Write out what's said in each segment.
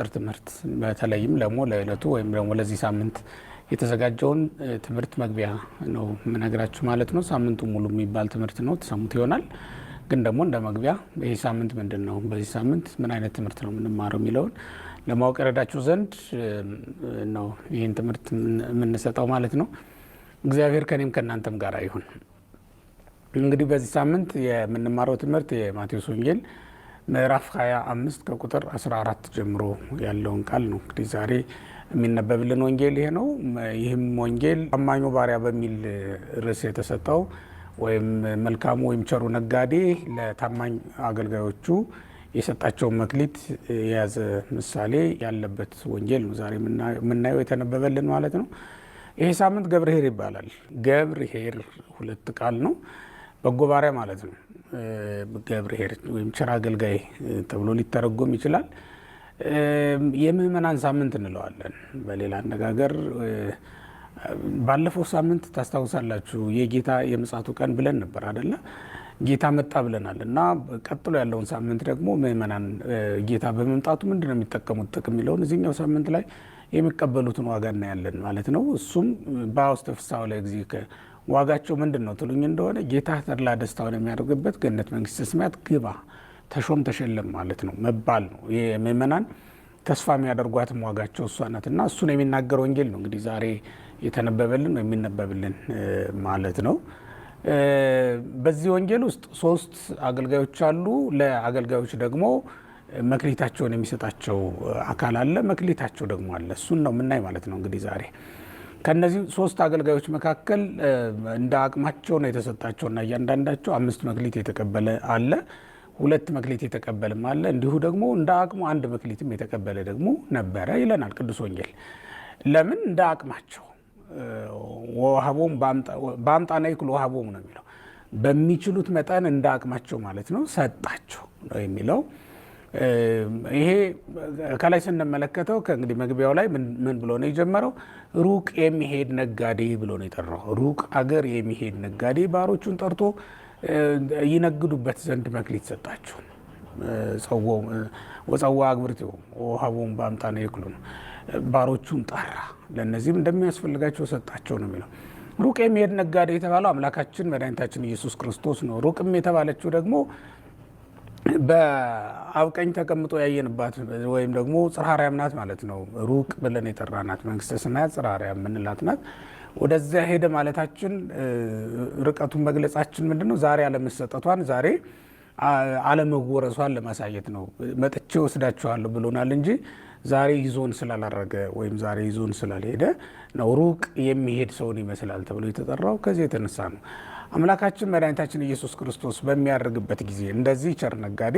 ጥር ትምህርት በተለይም ደግሞ ለዕለቱ ወይም ደግሞ ለዚህ ሳምንት የተዘጋጀውን ትምህርት መግቢያ ነው የምነግራችሁ ማለት ነው። ሳምንቱ ሙሉ የሚባል ትምህርት ነው፣ ተሰሙት ይሆናል። ግን ደግሞ እንደ መግቢያ ይህ ሳምንት ምንድን ነው፣ በዚህ ሳምንት ምን አይነት ትምህርት ነው የምንማረው የሚለውን ለማወቅ ረዳችሁ ዘንድ ነው ይህን ትምህርት የምንሰጠው ማለት ነው። እግዚአብሔር ከኔም ከእናንተም ጋር ይሁን። እንግዲህ በዚህ ሳምንት የምንማረው ትምህርት የማቴዎስ ወንጌል ምዕራፍ 25 ከቁጥር 14 ጀምሮ ያለውን ቃል ነው። እንግዲህ ዛሬ የሚነበብልን ወንጌል ይሄ ነው። ይህም ወንጌል ታማኙ ባሪያ በሚል ርዕስ የተሰጠው ወይም መልካሙ ወይም ቸሩ ነጋዴ ለታማኝ አገልጋዮቹ የሰጣቸውን መክሊት የያዘ ምሳሌ ያለበት ወንጌል ነው ዛሬ የምናየው የተነበበልን ማለት ነው። ይሄ ሳምንት ገብርሄር ይባላል። ገብርሄር ሁለት ቃል ነው፣ በጎ ባሪያ ማለት ነው። ገብርሄር ወይም ቸር አገልጋይ ተብሎ ሊተረጎም ይችላል። የምዕመናን ሳምንት እንለዋለን። በሌላ አነጋገር ባለፈው ሳምንት ታስታውሳላችሁ የጌታ የምጽአቱ ቀን ብለን ነበር አደለ? ጌታ መጣ ብለናል እና ቀጥሎ ያለውን ሳምንት ደግሞ ምእመናን ጌታ በመምጣቱ ምንድን ነው የሚጠቀሙት ጥቅም የሚለውን እዚህኛው ሳምንት ላይ የሚቀበሉትን ዋጋ እናያለን ማለት ነው። እሱም ፍሳው ላይ ለእግዚእከ ዋጋቸው ምንድን ነው ትሉኝ እንደሆነ ጌታ ተድላ ደስታውን የሚያደርግበት ገነት መንግሥተ ሰማያት ግባ ተሾም ተሸለም ማለት ነው መባል ነው። ምእመናን ተስፋ የሚያደርጓትም ዋጋቸው እሷ ናት እና እሱን የሚናገር ወንጌል ነው እንግዲህ ዛሬ የተነበበልን ወይ የሚነበብልን ማለት ነው። በዚህ ወንጌል ውስጥ ሶስት አገልጋዮች አሉ። ለአገልጋዮች ደግሞ መክሊታቸውን የሚሰጣቸው አካል አለ። መክሊታቸው ደግሞ አለ። እሱን ነው የምናይ ማለት ነው እንግዲህ ዛሬ ከእነዚህ ሶስት አገልጋዮች መካከል እንደ አቅማቸው ነው የተሰጣቸውና እያንዳንዳቸው አምስት መክሊት የተቀበለ አለ፣ ሁለት መክሊት የተቀበልም አለ፣ እንዲሁ ደግሞ እንደ አቅሙ አንድ መክሊትም የተቀበለ ደግሞ ነበረ ይለናል ቅዱስ ወንጌል። ለምን እንደ አቅማቸው ወሀቦም በአምጣና ይክል ወሀቦም ነው የሚለው በሚችሉት መጠን እንደ አቅማቸው ማለት ነው ሰጣቸው ነው የሚለው ይሄ ከላይ ስንመለከተው ከእንግዲህ መግቢያው ላይ ምን ብሎ ነው የጀመረው? ሩቅ የሚሄድ ነጋዴ ብሎ ነው የጠራው። ሩቅ አገር የሚሄድ ነጋዴ ባሮቹን ጠርቶ ይነግዱበት ዘንድ መክሊት ሰጣቸው። ወፀዋ አግብርቲሆሙ ወወሀቦሙ በአምጣነ ነው። ባሮቹን ጠራ፣ ለእነዚህም እንደሚያስፈልጋቸው ሰጣቸው ነው የሚለው። ሩቅ የሚሄድ ነጋዴ የተባለው አምላካችን መድኃኒታችን ኢየሱስ ክርስቶስ ነው። ሩቅም የተባለችው ደግሞ በአብቀኝ ተቀምጦ ያየንባት ወይም ደግሞ ጽራርያም ናት ማለት ነው። ሩቅ ብለን የጠራናት መንግስተ ሰማያት ጽራርያም የምንላት ናት። ወደዚያ ሄደ ማለታችን ርቀቱን መግለጻችን ምንድን ነው? ዛሬ አለመሰጠቷን ዛሬ አለመጎረሷን ለማሳየት ነው። መጥቼ ወስዳችኋለሁ ብሎናል እንጂ ዛሬ ይዞን ስላላረገ ወይም ዛሬ ይዞን ስላልሄደ ነው ሩቅ የሚሄድ ሰውን ይመስላል ተብሎ የተጠራው ከዚህ የተነሳ ነው። አምላካችን መድኃኒታችን ኢየሱስ ክርስቶስ በሚያደርግበት ጊዜ እንደዚህ ቸር ነጋዴ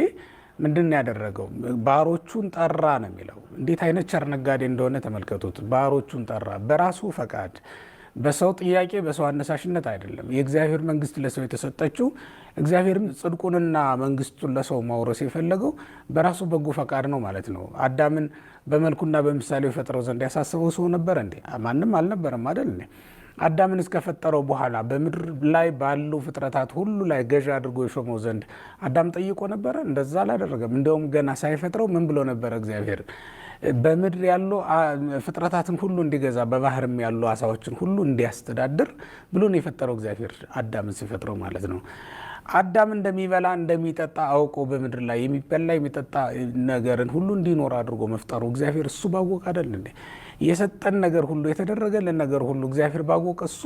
ምንድን ያደረገው? ባሮቹን ጠራ ነው የሚለው። እንዴት አይነት ቸር ነጋዴ እንደሆነ ተመልከቱት። ባሮቹን ጠራ በራሱ ፈቃድ፣ በሰው ጥያቄ፣ በሰው አነሳሽነት አይደለም። የእግዚአብሔር መንግስት ለሰው የተሰጠችው እግዚአብሔርም ጽድቁንና መንግስቱን ለሰው ማውረስ የፈለገው በራሱ በጎ ፈቃድ ነው ማለት ነው። አዳምን በመልኩና በምሳሌው የፈጥረው ዘንድ ያሳሰበው ሰው ነበር እንዴ? ማንም አልነበረም አይደል? አዳምን እስከፈጠረው በኋላ በምድር ላይ ባሉ ፍጥረታት ሁሉ ላይ ገዢ አድርጎ የሾመው ዘንድ አዳም ጠይቆ ነበረ? እንደዛ አላደረገም። እንደውም ገና ሳይፈጥረው ምን ብሎ ነበረ? እግዚአብሔር በምድር ያሉ ፍጥረታትን ሁሉ እንዲገዛ፣ በባህርም ያሉ አሳዎችን ሁሉ እንዲያስተዳድር ብሎ ነው የፈጠረው እግዚአብሔር አዳምን ሲፈጥረው ማለት ነው። አዳም እንደሚበላ እንደሚጠጣ አውቆ በምድር ላይ የሚበላ የሚጠጣ ነገርን ሁሉ እንዲኖር አድርጎ መፍጠሩ እግዚአብሔር እሱ ባወቅ አይደል እንዴ? የሰጠን ነገር ሁሉ የተደረገልን ነገር ሁሉ እግዚአብሔር ባወቀ እሱ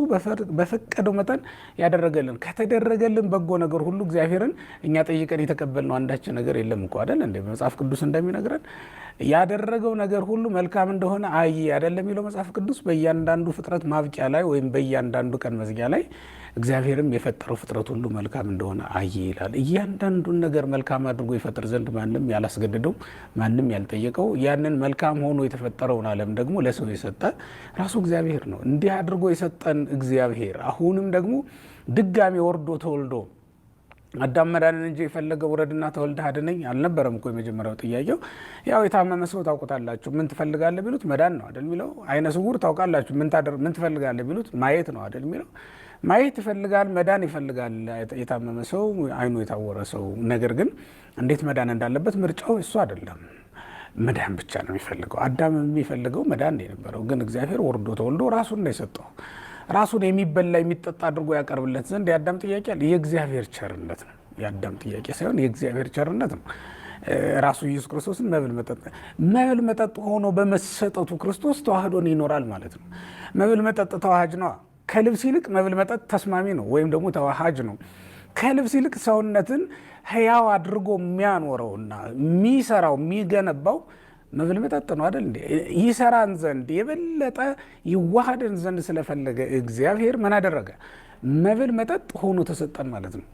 በፈቀደው መጠን ያደረገልን ከተደረገልን በጎ ነገር ሁሉ እግዚአብሔርን እኛ ጠይቀን የተቀበልነው አንዳች ነገር የለም እኮ አይደል እንደ መጽሐፍ ቅዱስ እንደሚነግረን ያደረገው ነገር ሁሉ መልካም እንደሆነ አይ አይደለም የሚለው መጽሐፍ ቅዱስ በእያንዳንዱ ፍጥረት ማብቂያ ላይ ወይም በእያንዳንዱ ቀን መዝጊያ ላይ እግዚአብሔርም የፈጠረው ፍጥረት ሁሉ መልካም እንደሆነ አየ ይላል። እያንዳንዱን ነገር መልካም አድርጎ ይፈጥር ዘንድ ማንም ያላስገድደው፣ ማንም ያልጠየቀው ያንን መልካም ሆኖ የተፈጠረውን ዓለም ደግሞ ለሰው የሰጠ ራሱ እግዚአብሔር ነው። እንዲህ አድርጎ የሰጠን እግዚአብሔር አሁንም ደግሞ ድጋሚ ወርዶ ተወልዶ አዳም መዳንን እንጂ የፈለገ ውረድና ተወልደህ አድነኝ አልነበረም እኮ የመጀመሪያው ጥያቄው። ያው የታመመ ሰው ታውቁታላችሁ፣ ምን ትፈልጋለህ ቢሉት መዳን ነው አይደል የሚለው። አይነ ስውር ታውቃላችሁ፣ ምን ትፈልጋለህ ቢሉት ማየት ነው አይደል የሚለው። ማየት ይፈልጋል፣ መዳን ይፈልጋል። የታመመ ሰው አይኑ የታወረ ሰው ነገር ግን እንዴት መዳን እንዳለበት ምርጫው እሱ አይደለም። መዳን ብቻ ነው የሚፈልገው። አዳም የሚፈልገው መዳን የነበረው ግን እግዚአብሔር ወርዶ ተወልዶ ራሱን ነው የሰጠው። ራሱን የሚበላ የሚጠጣ አድርጎ ያቀርብለት ዘንድ የአዳም ጥያቄ አለ። የእግዚአብሔር ቸርነት ነው። የአዳም ጥያቄ ሳይሆን የእግዚአብሔር ቸርነት ነው። ራሱ ኢየሱስ ክርስቶስን መብል መጠጥ መብል መጠጥ ሆኖ በመሰጠቱ ክርስቶስ ተዋህዶን ይኖራል ማለት ነው። መብል መጠጥ ተዋህጅ ነዋ። ከልብስ ይልቅ መብል መጠጥ ተስማሚ ነው ወይም ደግሞ ተዋሃጅ ነው። ከልብስ ይልቅ ሰውነትን ህያው አድርጎ የሚያኖረውና የሚሰራው የሚገነባው መብል መጠጥ ነው አይደል? እንዴ ይሰራን ዘንድ የበለጠ ይዋሃደን ዘንድ ስለፈለገ እግዚአብሔር ምን አደረገ? መብል መጠጥ ሆኖ ተሰጠን ማለት ነው።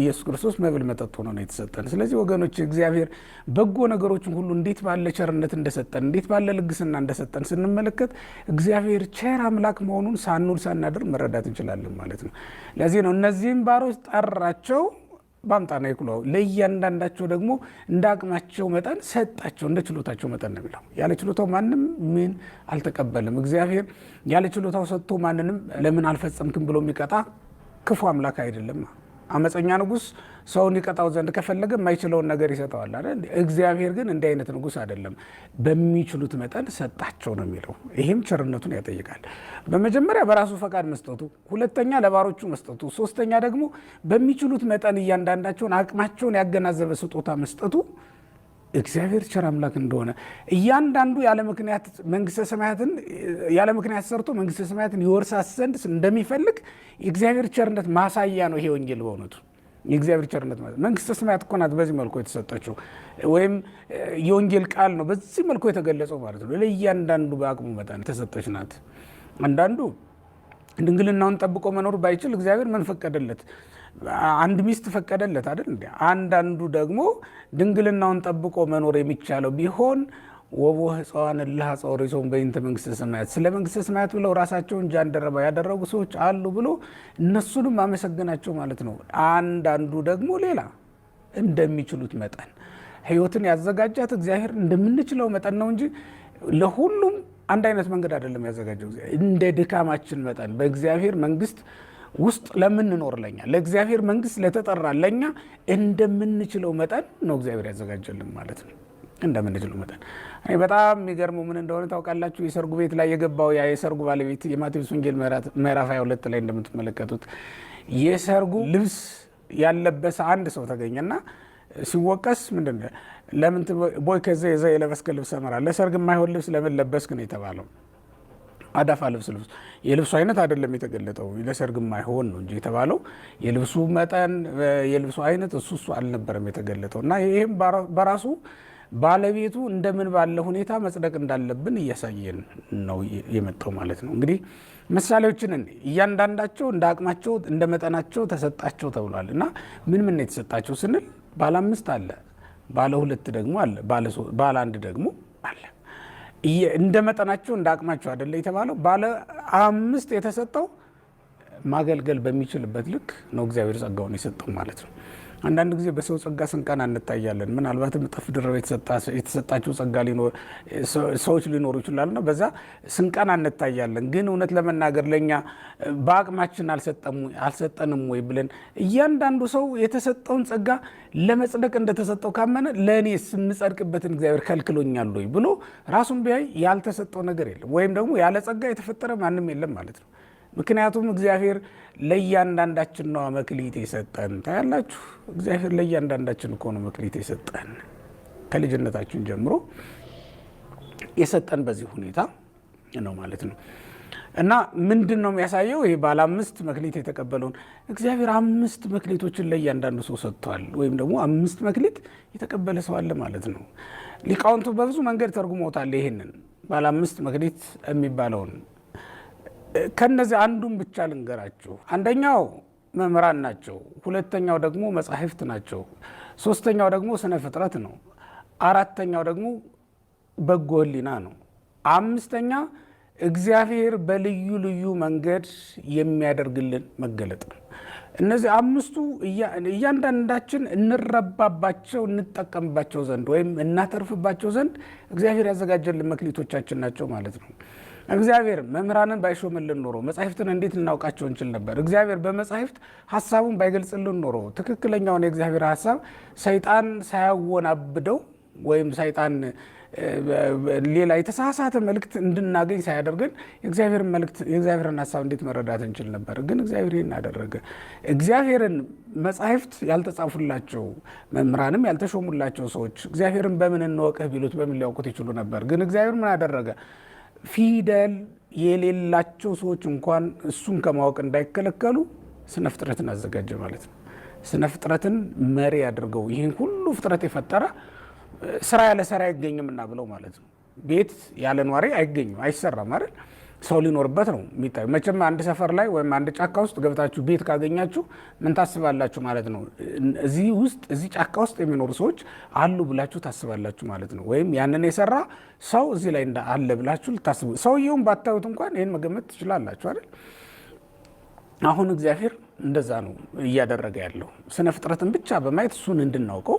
ኢየሱስ ክርስቶስ መብል መጠጥ ሆኖ ነው የተሰጠን። ስለዚህ ወገኖች እግዚአብሔር በጎ ነገሮችን ሁሉ እንዴት ባለ ቸርነት እንደሰጠን እንዴት ባለ ልግስና እንደሰጠን ስንመለከት እግዚአብሔር ቸር አምላክ መሆኑን ሳንውል ሳናድር መረዳት እንችላለን ማለት ነው። ለዚህ ነው እነዚህም ባሮች ጠራቸው በአምጣና ይክሎ ለእያንዳንዳቸው ደግሞ እንደ አቅማቸው መጠን ሰጣቸው፣ እንደ ችሎታቸው መጠን ነው የሚለው። ያለ ችሎታው ማንም ምን አልተቀበልም። እግዚአብሔር ያለ ችሎታው ሰጥቶ ማንንም ለምን አልፈጸምክም ብሎ የሚቀጣ ክፉ አምላክ አይደለም። አመፀኛ ንጉስ ሰውን ይቀጣው ዘንድ ከፈለገ የማይችለውን ነገር ይሰጠዋል አይደል? እግዚአብሔር ግን እንዲህ አይነት ንጉስ አይደለም። በሚችሉት መጠን ሰጣቸው ነው የሚለው። ይህም ቸርነቱን ያጠይቃል። በመጀመሪያ በራሱ ፈቃድ መስጠቱ፣ ሁለተኛ ለባሮቹ መስጠቱ፣ ሶስተኛ ደግሞ በሚችሉት መጠን እያንዳንዳቸውን አቅማቸውን ያገናዘበ ስጦታ መስጠቱ እግዚአብሔር ቸር አምላክ እንደሆነ እያንዳንዱ ያለ ምክንያት መንግስተ ሰማያትን ያለ ምክንያት ሰርቶ መንግስተ ሰማያትን ይወርሳት ዘንድ እንደሚፈልግ የእግዚአብሔር ቸርነት ማሳያ ነው ይሄ ወንጌል በእውነቱ የእግዚአብሔር ቸርነት ማለት መንግስተ ሰማያት እኮ ናት በዚህ መልኩ የተሰጠችው ወይም የወንጌል ቃል ነው በዚህ መልኩ የተገለጸው ማለት ነው። ለእያንዳንዱ በአቅሙ መጠን የተሰጠች ናት። አንዳንዱ ድንግልናውን ጠብቆ መኖር ባይችል እግዚአብሔር ምን ፈቀደለት? አንድ ሚስት ፈቀደለት አይደል? አንዳንዱ ደግሞ ድንግልናውን ጠብቆ መኖር የሚቻለው ቢሆን ወቦ ሕፃዋን እልሃ ጸውሪሶም በይንተ መንግስተ ሰማያት፣ ስለ መንግስተ ሰማያት ብለው ራሳቸውን ጃንደረባ ያደረጉ ሰዎች አሉ ብሎ እነሱንም አመሰግናቸው ማለት ነው። አንዳንዱ ደግሞ ሌላ እንደሚችሉት መጠን ህይወትን ያዘጋጃት እግዚአብሔር እንደምንችለው መጠን ነው እንጂ ለሁሉም አንድ አይነት መንገድ አይደለም ያዘጋጀው። እንደ ድካማችን መጠን በእግዚአብሔር መንግስት ውስጥ ለምንኖር ለኛ ለእግዚአብሔር መንግስት ለተጠራ ለኛ እንደምንችለው መጠን ነው እግዚአብሔር ያዘጋጀልን ማለት ነው። እንደምንችለው መጠን እኔ በጣም የሚገርመው ምን እንደሆነ ታውቃላችሁ? የሰርጉ ቤት ላይ የገባው ያ የሰርጉ ባለቤት የማቴዎስ ወንጌል ምዕራፍ 22 ላይ እንደምትመለከቱት የሰርጉ ልብስ ያለበሰ አንድ ሰው ተገኘና ሲወቀስ ምንድን ለምን ቦይ ከዚ የዛ የለበስከ ልብስ ሰመራ ለሰርግ የማይሆን ልብስ ለምን ለበስክ ነው የተባለው። አዳፋ ልብስ ልብስ የልብሱ አይነት አይደለም የተገለጠው ለሰርግ ማይሆን ነው እንጂ የተባለው የልብሱ መጠን የልብሱ አይነት እሱ እሱ አልነበረም የተገለጠው እና ይህም በራሱ ባለቤቱ እንደምን ባለ ሁኔታ መጽደቅ እንዳለብን እያሳየን ነው የመጣው ማለት ነው። እንግዲህ ምሳሌዎችን እያንዳንዳቸው እንደ አቅማቸው እንደ መጠናቸው ተሰጣቸው ተብሏል እና ምን ምን የተሰጣቸው ስንል ባለ አምስት አለ፣ ባለ ሁለት ደግሞ አለ፣ ባለ አንድ ደግሞ አለ። እንደ መጠናችሁ እንደ አቅማችሁ አይደለ የተባለው። ባለ አምስት የተሰጠው ማገልገል በሚችልበት ልክ ነው እግዚአብሔር ጸጋውን የሰጠው ማለት ነው። አንዳንድ ጊዜ በሰው ጸጋ ስንቀና እንታያለን። ምናልባትም እጥፍ ድረው የተሰጣቸው ጸጋ ሰዎች ሊኖሩ ይችላሉና በዛ ስንቀና እንታያለን። ግን እውነት ለመናገር ለእኛ በአቅማችን አልሰጠንም ወይ ብለን እያንዳንዱ ሰው የተሰጠውን ጸጋ ለመጽደቅ እንደተሰጠው ካመነ ለእኔ የምጸድቅበትን እግዚአብሔር ከልክሎኛል ወይ ብሎ ራሱን ቢያይ ያልተሰጠው ነገር የለም ወይም ደግሞ ያለ ጸጋ የተፈጠረ ማንም የለም ማለት ነው። ምክንያቱም እግዚአብሔር ለእያንዳንዳችን ነው መክሊት የሰጠን። ታያላችሁ፣ እግዚአብሔር ለእያንዳንዳችን እኮ ነው መክሊት የሰጠን። ከልጅነታችን ጀምሮ የሰጠን በዚህ ሁኔታ ነው ማለት ነው። እና ምንድን ነው የሚያሳየው? ይሄ ባለ አምስት መክሊት የተቀበለውን እግዚአብሔር አምስት መክሊቶችን ለእያንዳንዱ ሰው ሰጥቷል። ወይም ደግሞ አምስት መክሊት የተቀበለ ሰው አለ ማለት ነው። ሊቃውንቱ በብዙ መንገድ ተርጉሞታል። ይህንን ባለ አምስት መክሊት የሚባለውን ከነዚህ አንዱን ብቻ ልንገራችሁ። አንደኛው መምህራን ናቸው። ሁለተኛው ደግሞ መጻሕፍት ናቸው። ሶስተኛው ደግሞ ስነ ፍጥረት ነው። አራተኛው ደግሞ በጎ ህሊና ነው። አምስተኛ እግዚአብሔር በልዩ ልዩ መንገድ የሚያደርግልን መገለጥ ነው። እነዚህ አምስቱ እያንዳንዳችን እንረባባቸው እንጠቀምባቸው ዘንድ ወይም እናተርፍባቸው ዘንድ እግዚአብሔር ያዘጋጀልን መክሊቶቻችን ናቸው ማለት ነው። እግዚአብሔር መምህራንን ባይሾምልን ኖሮ መጻሕፍትን እንዴት እናውቃቸው እንችል ነበር? እግዚአብሔር በመጻሕፍት ሀሳቡን ባይገልጽልን ኖሮ ትክክለኛውን የእግዚአብሔር ሀሳብ ሰይጣን ሳያወናብደው ወይም ሰይጣን ሌላ የተሳሳተ መልእክት እንድናገኝ ሳያደርግን የእግዚአብሔርን መልእክት የእግዚአብሔርን ሀሳብ እንዴት መረዳት እንችል ነበር? ግን እግዚአብሔር ይህን አደረገ። እግዚአብሔርን መጻሕፍት ያልተጻፉላቸው መምህራንም ያልተሾሙላቸው ሰዎች እግዚአብሔርን በምን እንወቅህ ቢሉት በምን ሊያውቁት ይችሉ ነበር? ግን እግዚአብሔር ምን አደረገ? ፊደል የሌላቸው ሰዎች እንኳን እሱን ከማወቅ እንዳይከለከሉ ስነ ፍጥረትን አዘጋጀ ማለት ነው። ስነ ፍጥረትን መሪ አድርገው ይህን ሁሉ ፍጥረት የፈጠረ ስራ ያለ ሰራ አይገኝም እና ብለው ማለት ነው። ቤት ያለ ኗሪ አይገኝም፣ አይሰራም አይደል? ሰው ሊኖርበት ነው የሚታዩ። መቼም አንድ ሰፈር ላይ ወይም አንድ ጫካ ውስጥ ገብታችሁ ቤት ካገኛችሁ ምን ታስባላችሁ ማለት ነው? እዚህ ውስጥ እዚህ ጫካ ውስጥ የሚኖሩ ሰዎች አሉ ብላችሁ ታስባላችሁ ማለት ነው። ወይም ያንን የሰራ ሰው እዚህ ላይ አለ ብላችሁ ልታስቡ፣ ሰውየውን ባታዩት እንኳን ይህን መገመት ትችላላችሁ አይደል? አሁን እግዚአብሔር እንደዛ ነው እያደረገ ያለው ስነ ፍጥረትን ብቻ በማየት እሱን እንድናውቀው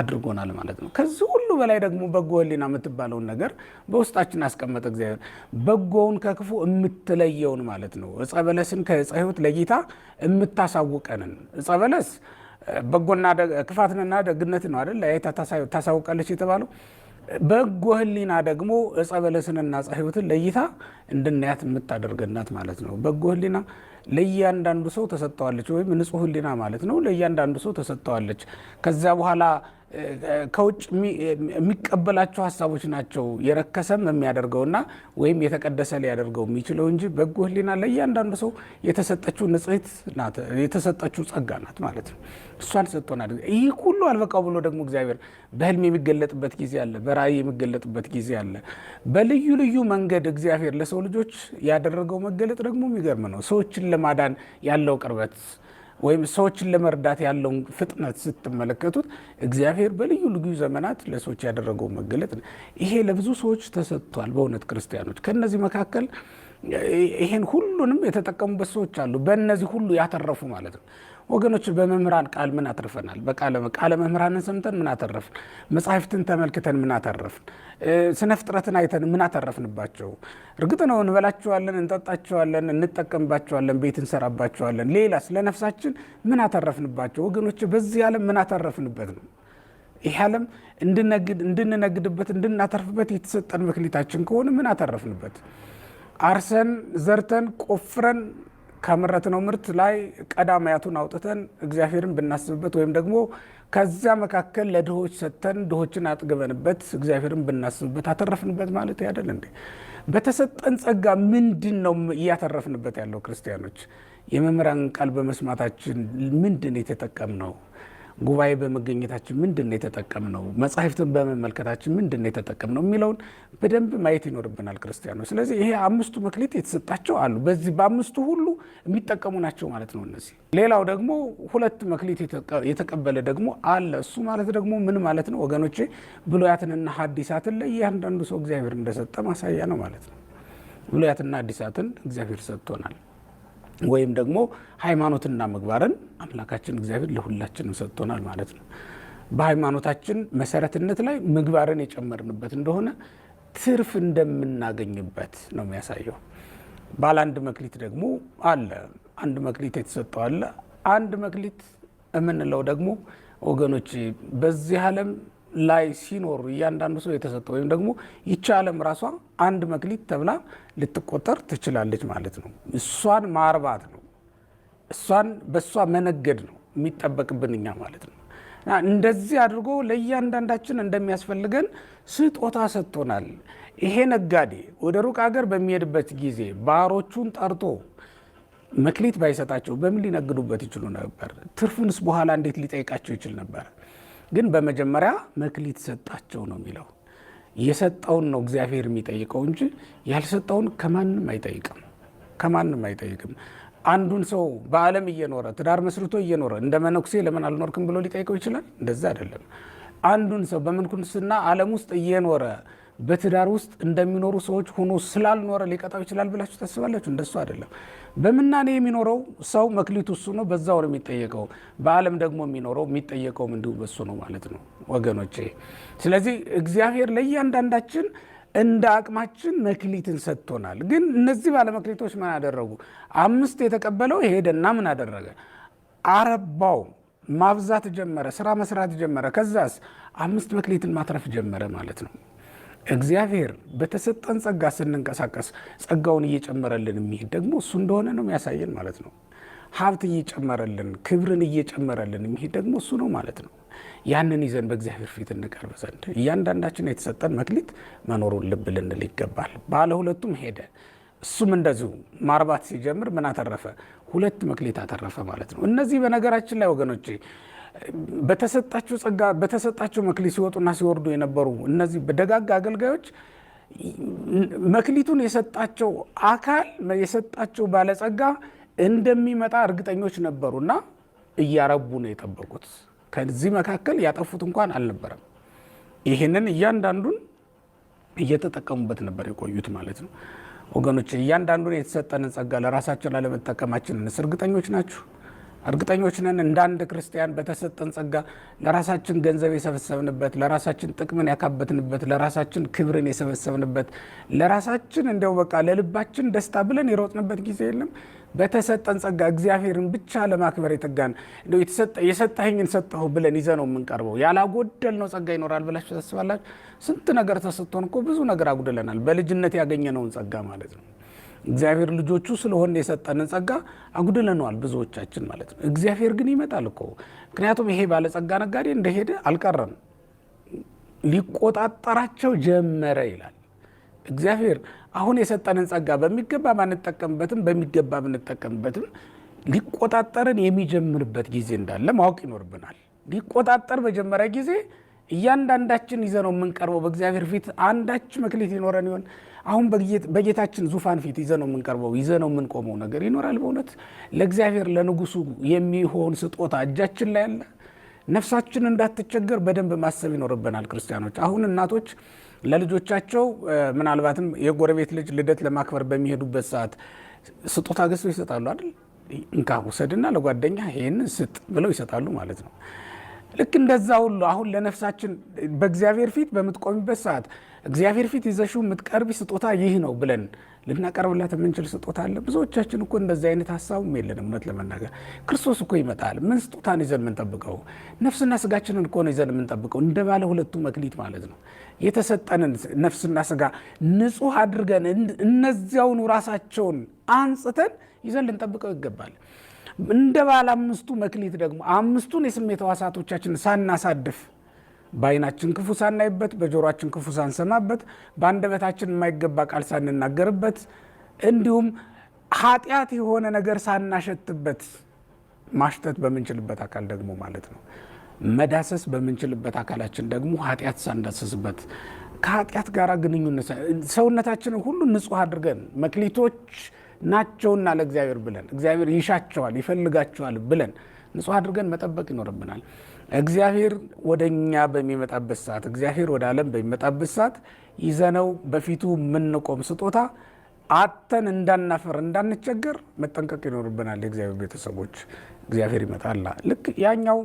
አድርጎናል ማለት ነው። ከዚህ ሁሉ በላይ ደግሞ በጎ ሕሊና የምትባለውን ነገር በውስጣችን አስቀመጠ እግዚአብሔር። በጎውን ከክፉ የምትለየውን ማለት ነው። እጸ በለስን ከእጸ ሕይወት ለይታ የምታሳውቀንን እጸ በለስ በጎና ክፋትንና ደግነት ነው አይደል? ለያይታ ታሳውቃለች የተባለው በጎ ሕሊና ደግሞ እጸ በለስንና እጸ ሕይወትን ለይታ እንድናያት የምታደርገናት ማለት ነው። በጎ ሕሊና ለእያንዳንዱ ሰው ተሰጥተዋለች፣ ወይም ንጹህ ሕሊና ማለት ነው። ለእያንዳንዱ ሰው ተሰጥተዋለች። ከዚያ በኋላ ከውጭ የሚቀበላቸው ሀሳቦች ናቸው የረከሰም የሚያደርገውና ወይም የተቀደሰ ሊያደርገው የሚችለው እንጂ በጎ ሕሊና ለእያንዳንዱ ሰው የተሰጠችው ንጽሕት ናት፣ የተሰጠችው ጸጋ ናት ማለት ነው። እሷን ሰጥቶና ይህ ሁሉ አልበቃው ብሎ ደግሞ እግዚአብሔር በሕልም የሚገለጥበት ጊዜ አለ፣ በራእይ የሚገለጥበት ጊዜ አለ። በልዩ ልዩ መንገድ እግዚአብሔር ለሰው ልጆች ያደረገው መገለጥ ደግሞ የሚገርም ነው። ሰዎችን ለማዳን ያለው ቅርበት ወይም ሰዎችን ለመርዳት ያለውን ፍጥነት ስትመለከቱት እግዚአብሔር በልዩ ልዩ ዘመናት ለሰዎች ያደረገው መገለጥ ነው። ይሄ ለብዙ ሰዎች ተሰጥቷል። በእውነት ክርስቲያኖች ከእነዚህ መካከል ይሄን ሁሉንም የተጠቀሙበት ሰዎች አሉ። በእነዚህ ሁሉ ያተረፉ ማለት ነው። ወገኖች በመምህራን ቃል ምን አትርፈናል? ቃለ መምህራንን ሰምተን ምን አተረፍን? መጽሐፍትን ተመልክተን ምን አተረፍን? ስነ ፍጥረትን አይተን ምን አተረፍንባቸው? እርግጥ ነው እንበላቸዋለን፣ እንጠጣቸዋለን፣ እንጠቀምባቸዋለን፣ ቤት እንሰራባቸዋለን። ሌላ ስለ ነፍሳችን ምን አተረፍንባቸው? ወገኖች በዚህ ዓለም ምን አተረፍንበት ነው? ይህ ዓለም እንድንነግድበት እንድናተርፍበት የተሰጠን መክሊታችን ከሆነ ምን አተረፍንበት? አርሰን ዘርተን ቆፍረን ካመረትነው ምርት ላይ ቀዳማያቱን አውጥተን እግዚአብሔርን ብናስብበት ወይም ደግሞ ከዛ መካከል ለድሆች ሰጥተን ድሆችን አጥግበንበት እግዚአብሔርን ብናስብበት አተረፍንበት ማለት ያደል እንዴ? በተሰጠን ጸጋ ምንድን ነው እያተረፍንበት ያለው? ክርስቲያኖች የመምህራን ቃል በመስማታችን ምንድን የተጠቀምነው? ጉባኤ በመገኘታችን ምንድን ነው የተጠቀምነው፣ መጽሐፍትን በመመልከታችን ምንድን ነው የተጠቀምነው የሚለውን በደንብ ማየት ይኖርብናል ክርስቲያኖች። ስለዚህ ይሄ አምስቱ መክሊት የተሰጣቸው አሉ። በዚህ በአምስቱ ሁሉ የሚጠቀሙ ናቸው ማለት ነው እነዚህ። ሌላው ደግሞ ሁለት መክሊት የተቀበለ ደግሞ አለ። እሱ ማለት ደግሞ ምን ማለት ነው ወገኖቼ? ብሉያትንና ሐዲሳትን ለእያንዳንዱ ሰው እግዚአብሔር እንደሰጠ ማሳያ ነው ማለት ነው። ብሉያትና ሐዲሳትን እግዚአብሔር ሰጥቶናል። ወይም ደግሞ ሃይማኖትና ምግባርን አምላካችን እግዚአብሔር ለሁላችንም ሰጥቶናል ማለት ነው። በሃይማኖታችን መሰረትነት ላይ ምግባርን የጨመርንበት እንደሆነ ትርፍ እንደምናገኝበት ነው የሚያሳየው። ባለ አንድ መክሊት ደግሞ አለ። አንድ መክሊት የተሰጠው አለ። አንድ መክሊት የምንለው ደግሞ ወገኖች በዚህ ዓለም ላይ ሲኖር እያንዳንዱ ሰው የተሰጠ ወይም ደግሞ ይቺ ዓለም ራሷ አንድ መክሊት ተብላ ልትቆጠር ትችላለች ማለት ነው። እሷን ማርባት ነው፣ እሷን በእሷ መነገድ ነው የሚጠበቅብን እኛ ማለት ነው። እንደዚህ አድርጎ ለእያንዳንዳችን እንደሚያስፈልገን ስጦታ ሰጥቶናል። ይሄ ነጋዴ ወደ ሩቅ ሀገር በሚሄድበት ጊዜ ባሮቹን ጠርቶ መክሊት ባይሰጣቸው በምን ሊነግዱበት ይችሉ ነበር? ትርፉንስ በኋላ እንዴት ሊጠይቃቸው ይችል ነበር? ግን በመጀመሪያ መክሊት ሰጣቸው ነው የሚለው። የሰጠውን ነው እግዚአብሔር የሚጠይቀው እንጂ ያልሰጠውን ከማንም አይጠይቅም፣ ከማንም አይጠይቅም። አንዱን ሰው በዓለም እየኖረ ትዳር መስርቶ እየኖረ እንደ መነኩሴ ለምን አልኖርክም ብሎ ሊጠይቀው ይችላል? እንደዛ አይደለም። አንዱን ሰው በምንኩስና ዓለም ውስጥ እየኖረ በትዳር ውስጥ እንደሚኖሩ ሰዎች ሆኖ ስላልኖረ ሊቀጣው ይችላል ብላችሁ ታስባላችሁ? እንደሱ አይደለም። በምናኔ የሚኖረው ሰው መክሊቱ እሱ ነው፣ በዛው ነው የሚጠየቀው። በዓለም ደግሞ የሚኖረው የሚጠየቀውም እንዲሁ በሱ ነው ማለት ነው ወገኖቼ። ስለዚህ እግዚአብሔር ለእያንዳንዳችን እንደ አቅማችን መክሊትን ሰጥቶናል። ግን እነዚህ ባለመክሊቶች ምን አደረጉ? አምስት የተቀበለው ሄደና ምን አደረገ? አረባው ማብዛት ጀመረ፣ ስራ መስራት ጀመረ። ከዛስ አምስት መክሊትን ማትረፍ ጀመረ ማለት ነው። እግዚአብሔር በተሰጠን ጸጋ ስንንቀሳቀስ ጸጋውን እየጨመረልን የሚሄድ ደግሞ እሱ እንደሆነ ነው የሚያሳየን ማለት ነው። ሀብት እየጨመረልን ክብርን እየጨመረልን የሚሄድ ደግሞ እሱ ነው ማለት ነው። ያንን ይዘን በእግዚአብሔር ፊት እንቀርብ ዘንድ እያንዳንዳችን የተሰጠን መክሊት መኖሩን ልብ ልንል ይገባል። ባለ ሁለቱም ሄደ፣ እሱም እንደዚሁ ማርባት ሲጀምር ምን አተረፈ? ሁለት መክሊት አተረፈ ማለት ነው። እነዚህ በነገራችን ላይ ወገኖቼ በተሰጣችሁ ጸጋ በተሰጣችሁ መክሊት ሲወጡና ሲወርዱ የነበሩ እነዚህ በደጋግ አገልጋዮች መክሊቱን የሰጣቸው አካል የሰጣቸው ባለጸጋ እንደሚመጣ እርግጠኞች ነበሩና እያረቡ ነው የጠበቁት። ከዚህ መካከል ያጠፉት እንኳን አልነበረም። ይህንን እያንዳንዱን እየተጠቀሙበት ነበር የቆዩት ማለት ነው። ወገኖች እያንዳንዱን የተሰጠንን ጸጋ ለራሳችን አለመጠቀማችንንስ እርግጠኞች ናችሁ? እርግጠኞች ነን እንደ አንድ ክርስቲያን በተሰጠን ጸጋ ለራሳችን ገንዘብ የሰበሰብንበት፣ ለራሳችን ጥቅምን ያካበትንበት፣ ለራሳችን ክብርን የሰበሰብንበት፣ ለራሳችን እንደው በቃ ለልባችን ደስታ ብለን የሮጥንበት ጊዜ የለም። በተሰጠን ጸጋ እግዚአብሔርን ብቻ ለማክበር የተጋን እንደው ሰጠሁ ብለን ይዘ ነው የምንቀርበው። ነው ጸጋ ይኖራል ብላችሁ ታስባላችሁ? ስንት ነገር ተሰጥቶን እኮ ብዙ ነገር አጉድለናል። በልጅነት ያገኘነውን ጸጋ ማለት ነው። እግዚአብሔር ልጆቹ ስለሆነ የሰጠንን ጸጋ አጉድለነዋል ብዙዎቻችን ማለት ነው። እግዚአብሔር ግን ይመጣል እኮ ምክንያቱም ይሄ ባለጸጋ ነጋዴ እንደሄደ አልቀረም፣ ሊቆጣጠራቸው ጀመረ ይላል እግዚአብሔር። አሁን የሰጠንን ጸጋ በሚገባ ባንጠቀምበትም በሚገባ ብንጠቀምበትም ሊቆጣጠርን የሚጀምርበት ጊዜ እንዳለ ማወቅ ይኖርብናል። ሊቆጣጠር በጀመረ ጊዜ እያንዳንዳችን ይዘነው የምንቀርበው በእግዚአብሔር ፊት አንዳች መክሊት ይኖረን ይሆን? አሁን በጌታችን ዙፋን ፊት ይዘ ነው የምንቀርበው ይዘነው የምንቆመው ነገር ይኖራል። በእውነት ለእግዚአብሔር ለንጉሱ የሚሆን ስጦታ እጃችን ላይ አለ። ነፍሳችን እንዳትቸገር በደንብ ማሰብ ይኖርብናል። ክርስቲያኖች አሁን እናቶች ለልጆቻቸው ምናልባትም የጎረቤት ልጅ ልደት ለማክበር በሚሄዱበት ሰዓት ስጦታ ገዝተው ይሰጣሉ አይደል? እንካ ውሰድና ለጓደኛ ይህንን ስጥ ብለው ይሰጣሉ ማለት ነው። ልክ እንደዛ ሁሉ አሁን ለነፍሳችን በእግዚአብሔር ፊት በምትቆሚበት ሰዓት እግዚአብሔር ፊት ይዘሹ የምትቀርቢ ስጦታ ይህ ነው ብለን ልናቀርብላት የምንችል ስጦታ አለ። ብዙዎቻችን እኮ እንደዚህ አይነት ሀሳብም የለንም። እውነት ለመናገር ክርስቶስ እኮ ይመጣል። ምን ስጦታን ይዘን የምንጠብቀው? ነፍስና ስጋችንን እኮ ነው ይዘን የምንጠብቀው። እንደ ባለ ሁለቱ መክሊት ማለት ነው የተሰጠንን ነፍስና ስጋ ንጹሕ አድርገን እነዚያውኑ ራሳቸውን አንጽተን ይዘን ልንጠብቀው ይገባል። እንደ ባለ አምስቱ መክሊት ደግሞ አምስቱን የስሜት ሕዋሳቶቻችን ሳናሳድፍ በአይናችን ክፉ ሳናይበት፣ በጆሮችን ክፉ ሳንሰማበት፣ በአንደበታችን የማይገባ ቃል ሳንናገርበት፣ እንዲሁም ኃጢአት የሆነ ነገር ሳናሸትበት ማሽተት በምንችልበት አካል ደግሞ ማለት ነው መዳሰስ በምንችልበት አካላችን ደግሞ ኃጢአት ሳንዳሰስበት ከኃጢአት ጋር ግንኙነት ሰውነታችንን ሁሉ ንጹህ አድርገን መክሊቶች ናቸውና ለእግዚአብሔር ብለን እግዚአብሔር ይሻቸዋል ይፈልጋቸዋል ብለን ንጹህ አድርገን መጠበቅ ይኖርብናል። እግዚአብሔር ወደ እኛ በሚመጣበት ሰዓት እግዚአብሔር ወደ ዓለም በሚመጣበት ሰዓት ይዘነው በፊቱ የምንቆም ስጦታ አተን እንዳናፈር እንዳንቸገር መጠንቀቅ ይኖርብናል። የእግዚአብሔር ቤተሰቦች እግዚአብሔር ይመጣላ ልክ ያኛው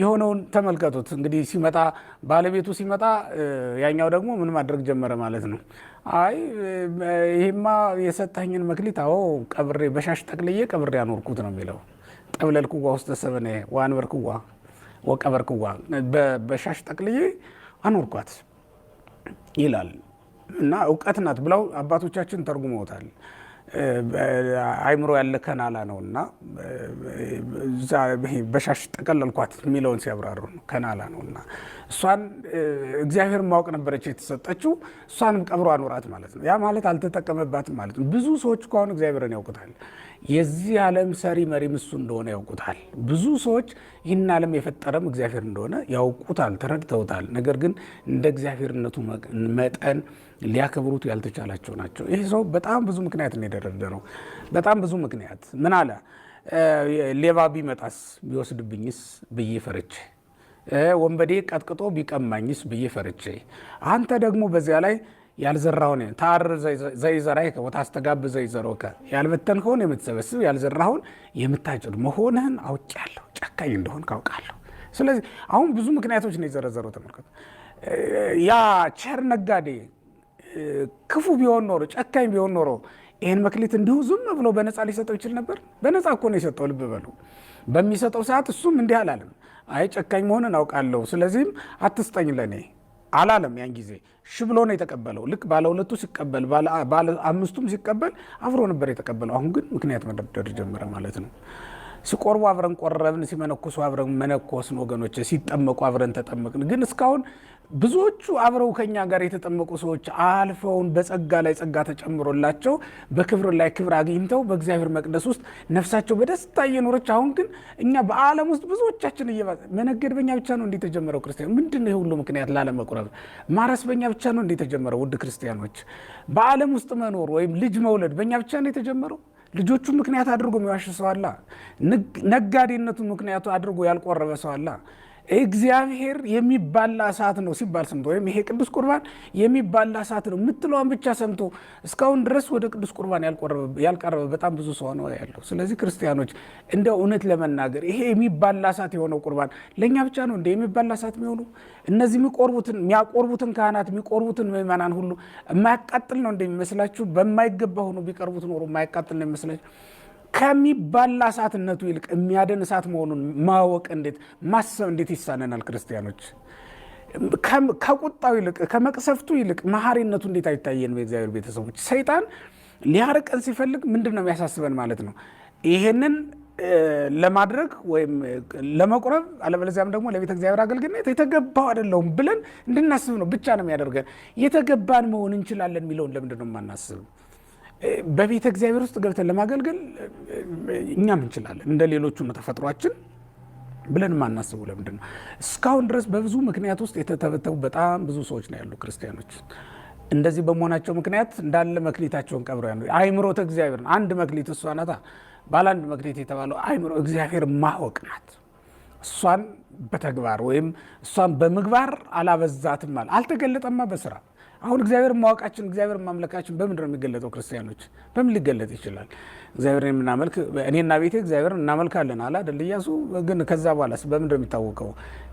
የሆነውን ተመልከቱት። እንግዲህ ሲመጣ ባለቤቱ ሲመጣ ያኛው ደግሞ ምን ማድረግ ጀመረ ማለት ነው። አይ ይሄማ የሰጠኝን መክሊት አዎ ቀብሬ በሻሽ ጠቅልዬ ቀብሬ አኖርኩት ነው የሚለው። ኩዋ ውስጥ ሰበነ ወቀበር ኩዋ በሻሽ ጠቅልዬ አኖርኳት ይላል እና እውቀት ናት ብለው አባቶቻችን ተርጉመውታል። አይምሮ ያለ ከናላ ነው እና በሻሽ ጠቀለልኳት የሚለውን ሲያብራሩ ነው ከናላ ነው እና እሷን እግዚአብሔር ማወቅ ነበረች የተሰጠችው እሷንም ቀብሮ አኖራት ማለት ነው። ያ ማለት አልተጠቀመባትም ማለት ነው። ብዙ ሰዎች እኮ አሁን እግዚአብሔርን ያውቁታል። የዚህ ዓለም ሰሪ መሪም እሱ እንደሆነ ያውቁታል። ብዙ ሰዎች ይህን ዓለም የፈጠረም እግዚአብሔር እንደሆነ ያውቁታል፣ ተረድተውታል። ነገር ግን እንደ እግዚአብሔርነቱ መጠን ሊያከብሩት ያልተቻላቸው ናቸው። ይህ ሰው በጣም ብዙ ምክንያት ነው የደረደረው። በጣም ብዙ ምክንያት ምን አለ? ሌባ ቢመጣስ ቢወስድብኝስ ብዬ ፈርቼ ወንበዴ ቀጥቅጦ ቢቀማኝስ ብዬ ፈርቼ አንተ ደግሞ በዚያ ላይ ያልዘራውን ታር ዘይዘራይከ ወታስተጋብ ዘይዘሮከ ያልበተንከውን የምትሰበስብ ያልዘራኸውን የምታጭድ መሆንህን አውቄያለሁ፣ ጨካኝ እንደሆን ካውቃለሁ። ስለዚህ አሁን ብዙ ምክንያቶች ነው የዘረዘረው። ተመልከቱ። ያ ቸር ነጋዴ ክፉ ቢሆን ኖሮ ጨካኝ ቢሆን ኖሮ ይህን መክሊት እንዲሁ ዝም ብሎ በነፃ ሊሰጠው ይችል ነበር። በነፃ እኮ ነው የሰጠው። ልብ በሉ። በሚሰጠው ሰዓት እሱም እንዲህ አላለም። አይ ጨካኝ መሆንን አውቃለሁ፣ ስለዚህም አትስጠኝ ለእኔ አላለም። ያን ጊዜ እሺ ብሎ ነው የተቀበለው። ልክ ባለ ሁለቱ ሲቀበል ባለ አምስቱም ሲቀበል አብሮ ነበር የተቀበለው። አሁን ግን ምክንያት መደርደር ጀመረ ማለት ነው። ሲቆርቡ አብረን ቆረብን፣ ሲመነኮሱ አብረን መነኮስን፣ ወገኖች ሲጠመቁ አብረን ተጠመቅን። ግን እስካሁን ብዙዎቹ አብረው ከኛ ጋር የተጠመቁ ሰዎች አልፈውን በጸጋ ላይ ጸጋ ተጨምሮላቸው በክብር ላይ ክብር አግኝተው በእግዚአብሔር መቅደስ ውስጥ ነፍሳቸው በደስታ እየኖረች አሁን ግን እኛ በዓለም ውስጥ ብዙዎቻችን መነገድ በኛ ብቻ ነው እንዴ ክርስቲያ ክርስቲያን ምንድን ነው ሁሉ ምክንያት ላለመቁረብ? ማረስ በኛ ብቻ ነው እንዴ ውድ ክርስቲያኖች በዓለም ውስጥ መኖር ወይም ልጅ መውለድ በእኛ ብቻ ነው የተጀመረው? ልጆቹ ምክንያት አድርጎ የሚዋሽ ሰው አለ። ነጋዴነቱ ምክንያቱ አድርጎ ያልቆረበ ሰው አለ። እግዚአብሔር የሚባላ እሳት ነው ሲባል ሰምቶ ወይም ይሄ ቅዱስ ቁርባን የሚባላ እሳት ነው የምትለዋን ብቻ ሰምቶ እስካሁን ድረስ ወደ ቅዱስ ቁርባን ያልቀረበ በጣም ብዙ ሰው ነው ያለው። ስለዚህ ክርስቲያኖች እንደ እውነት ለመናገር ይሄ የሚባላ እሳት የሆነው ቁርባን ለእኛ ብቻ ነው እንደ የሚባላ እሳት የሚሆኑ እነዚህ የሚቆርቡትን የሚያቆርቡትን ካህናት የሚቆርቡትን ምእመናን ሁሉ የማያቃጥል ነው እንደሚመስላችሁ በማይገባ ሆኖ ቢቀርቡት ኖሮ የማያቃጥል ነው የሚመስላችሁ ከሚባላ እሳትነቱ ይልቅ የሚያደን እሳት መሆኑን ማወቅ እንዴት ማሰብ እንዴት ይሳነናል? ክርስቲያኖች ከቁጣው ይልቅ ከመቅሰፍቱ ይልቅ መሐሪነቱ እንዴት አይታየን? በእግዚአብሔር ቤተሰቦች ሰይጣን ሊያርቀን ሲፈልግ ምንድን ነው የሚያሳስበን ማለት ነው ይሄንን ለማድረግ ወይም ለመቁረብ አለበለዚያም ደግሞ ለቤተ እግዚአብሔር አገልግሎት የተገባው አይደለሁም ብለን እንድናስብ ነው ብቻ ነው የሚያደርገን። የተገባን መሆን እንችላለን የሚለውን ለምንድን ነው የማናስብ? በቤተ እግዚአብሔር ውስጥ ገብተን ለማገልገል እኛም እንችላለን። እንደ ሌሎቹ ነው ተፈጥሯችን ብለን ማናስቡ ለምንድን ነው? እስካሁን ድረስ በብዙ ምክንያት ውስጥ የተተበተቡ በጣም ብዙ ሰዎች ነው ያሉ ክርስቲያኖች። እንደዚህ በመሆናቸው ምክንያት እንዳለ መክሊታቸውን ቀብረው ያሉ አይምሮተ እግዚአብሔር አንድ መክሊት እሷ ናታ። ባለ አንድ መክሊት የተባለው አይምሮ እግዚአብሔር ማወቅ ናት። እሷን በተግባር ወይም እሷን በምግባር አላበዛትም አለ አልተገለጠማ በስራ አሁን እግዚአብሔር ማወቃችን እግዚአብሔር ማምለካችን በምንድን ነው የሚገለጠው? ክርስቲያኖች በምን ሊገለጥ ይችላል? እግዚአብሔር የምናመልክ እኔና ቤቴ እግዚአብሔር እናመልካለን አለ አደል እያሱ። ግን ከዛ በኋላ በምንድን ነው የሚታወቀው?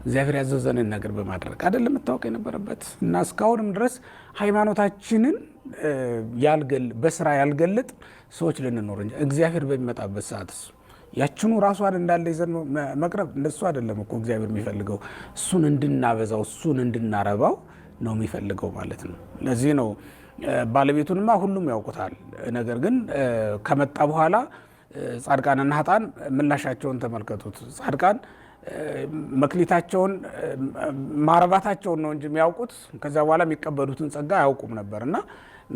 እግዚአብሔር ያዘዘንን ነገር በማድረግ አደል መታወቅ የነበረበት እና እስካሁንም ድረስ ሃይማኖታችንን በስራ ያልገለጥ ሰዎች ልንኖር እንጂ እግዚአብሔር በሚመጣበት ሰዓት ያችኑ ራሷን እንዳለ ይዘን መቅረብ እንደሱ አደለም እኮ እግዚአብሔር የሚፈልገው እሱን እንድናበዛው እሱን እንድናረባው ነው የሚፈልገው ማለት ነው። ለዚህ ነው ባለቤቱንማ ሁሉም ያውቁታል። ነገር ግን ከመጣ በኋላ ጻድቃንና ሀጣን ምላሻቸውን ተመልከቱት። ጻድቃን መክሊታቸውን ማረባታቸውን ነው እንጂ የሚያውቁት ከዚያ በኋላ የሚቀበሉትን ጸጋ አያውቁም ነበር እና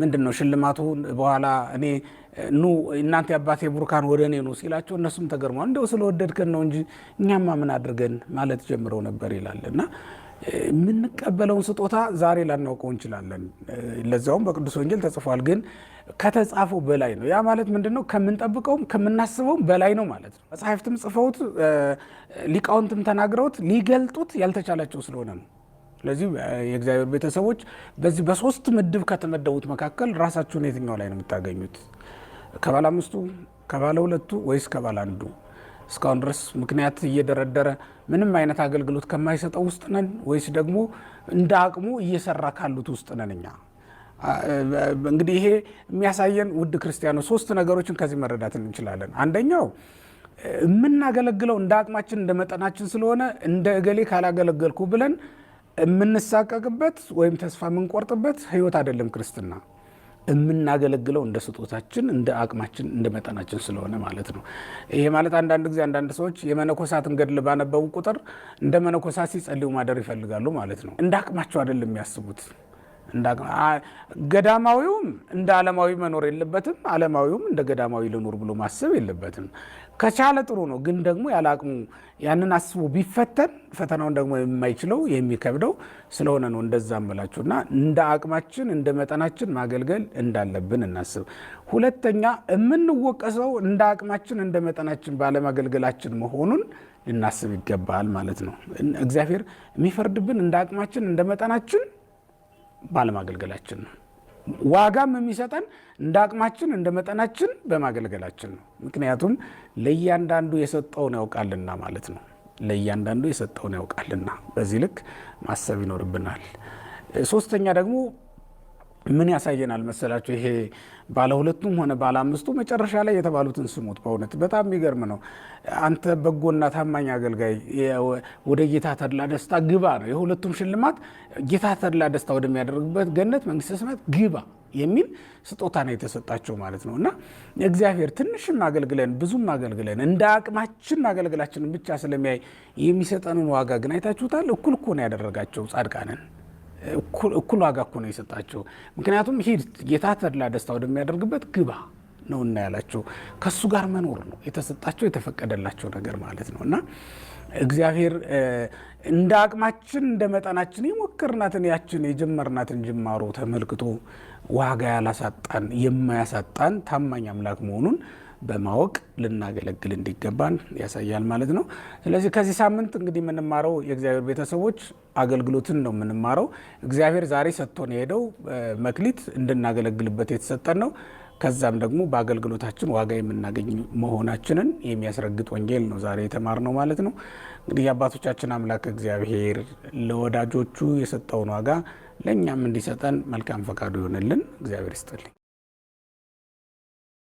ምንድን ነው ሽልማቱ በኋላ እኔ ኑ እናንተ የአባቴ ቡርካን ወደ እኔ ኑ ሲላቸው እነሱም ተገርመዋል እንደው ስለወደድከን ነው እንጂ እኛማ ምን አድርገን ማለት ጀምረው ነበር ይላል እና የምንቀበለውን ስጦታ ዛሬ ላናውቀው እንችላለን። ለዚያውም በቅዱስ ወንጌል ተጽፏል። ግን ከተጻፈው በላይ ነው። ያ ማለት ምንድነው ነው? ከምንጠብቀውም ከምናስበውም በላይ ነው ማለት ነው። መጽሐፍትም ጽፈውት ሊቃውንትም ተናግረውት ሊገልጡት ያልተቻላቸው ስለሆነ ነው። ስለዚህ የእግዚአብሔር ቤተሰቦች በዚህ በሶስት ምድብ ከተመደቡት መካከል ራሳችሁን የትኛው ላይ ነው የምታገኙት? ከባለ አምስቱ፣ ከባለ ሁለቱ ወይስ ከባለ አንዱ? እስካሁን ድረስ ምክንያት እየደረደረ ምንም አይነት አገልግሎት ከማይሰጠው ውስጥ ነን ወይስ ደግሞ እንደ አቅሙ እየሰራ ካሉት ውስጥ ነን? እኛ እንግዲህ ይሄ የሚያሳየን ውድ ክርስቲያኖ ሶስት ነገሮችን ከዚህ መረዳት እንችላለን። አንደኛው የምናገለግለው እንደ አቅማችን እንደ መጠናችን ስለሆነ እንደ እገሌ ካላገለገልኩ ብለን የምንሳቀቅበት ወይም ተስፋ የምንቆርጥበት ህይወት አይደለም ክርስትና። የምናገለግለው እንደ ስጦታችን እንደ አቅማችን እንደ መጠናችን ስለሆነ ማለት ነው። ይሄ ማለት አንዳንድ ጊዜ አንዳንድ ሰዎች የመነኮሳትን ገድል ባነበቡ ቁጥር እንደ መነኮሳት ሲጸልዩ ማደር ይፈልጋሉ ማለት ነው። እንደ አቅማቸው አይደለም የሚያስቡት። ገዳማዊውም እንደ ዓለማዊ መኖር የለበትም፣ ዓለማዊውም እንደ ገዳማዊ ልኖር ብሎ ማሰብ የለበትም። ከቻለ ጥሩ ነው። ግን ደግሞ ያለ አቅሙ ያንን አስቦ ቢፈተን ፈተናውን ደግሞ የማይችለው የሚከብደው ስለሆነ ነው። እንደዛ እምላችሁ እና እንደ አቅማችን እንደ መጠናችን ማገልገል እንዳለብን እናስብ። ሁለተኛ የምንወቀሰው እንደ አቅማችን እንደ መጠናችን ባለማገልገላችን መሆኑን ልናስብ ይገባል ማለት ነው። እግዚአብሔር የሚፈርድብን እንደ አቅማችን እንደ መጠናችን ባለማገልገላችን ነው። ዋጋም የሚሰጠን እንደ አቅማችን እንደ መጠናችን በማገልገላችን ነው። ምክንያቱም ለእያንዳንዱ የሰጠውን ያውቃልና ማለት ነው። ለእያንዳንዱ የሰጠውን ያውቃልና በዚህ ልክ ማሰብ ይኖርብናል። ሶስተኛ ደግሞ ምን ያሳየናል መሰላችሁ? ይሄ ባለ ሁለቱም ሆነ ባለ አምስቱ መጨረሻ ላይ የተባሉትን ስሙት። በእውነት በጣም የሚገርም ነው። አንተ በጎና ታማኝ አገልጋይ ወደ ጌታ ተድላ ደስታ ግባ ነው የሁለቱም ሽልማት። ጌታ ተድላ ደስታ ወደሚያደርግበት ገነት መንግስት ሰማያት ግባ የሚል ስጦታ ነው የተሰጣቸው ማለት ነው። እና እግዚአብሔር ትንሽም አገልግለን ብዙም አገልግለን እንደ አቅማችን አገልግላችንን ብቻ ስለሚያይ የሚሰጠንን ዋጋ ግን አይታችሁታል። እኩል እኮ ነው ያደረጋቸው ጻድቃንን እኩል ዋጋ እኮ ነው የሰጣቸው። ምክንያቱም ሂድ ጌታ ተድላ ደስታ ወደሚያደርግበት ግባ ነውና ያላቸው ከእሱ ጋር መኖር ነው የተሰጣቸው የተፈቀደላቸው ነገር ማለት ነው። እና እግዚአብሔር እንደ አቅማችን እንደ መጠናችን የሞከርናትን ያችን የጀመርናትን ጅማሮ ተመልክቶ ዋጋ ያላሳጣን የማያሳጣን ታማኝ አምላክ መሆኑን በማወቅ ልናገለግል እንዲገባን ያሳያል ማለት ነው። ስለዚህ ከዚህ ሳምንት እንግዲህ የምንማረው የእግዚአብሔር ቤተሰቦች አገልግሎትን ነው የምንማረው። እግዚአብሔር ዛሬ ሰጥቶን የሄደው መክሊት እንድናገለግልበት የተሰጠን ነው። ከዛም ደግሞ በአገልግሎታችን ዋጋ የምናገኝ መሆናችንን የሚያስረግጥ ወንጌል ነው ዛሬ የተማርነው ማለት ነው። እንግዲህ የአባቶቻችን አምላክ እግዚአብሔር ለወዳጆቹ የሰጠውን ዋጋ ለእኛም እንዲሰጠን መልካም ፈቃዱ ይሆንልን። እግዚአብሔር ይስጥልኝ።